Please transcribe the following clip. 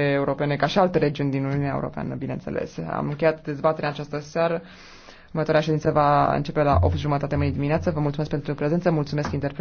europene, ca și alte regiuni din Uniunea Europeană, bineînțeles. Am încheiat dezbaterea această seară. Următoarea ședință va începe la 8.30 jumătate mâine dimineață. Vă mulțumesc pentru prezență, mulțumesc interpret.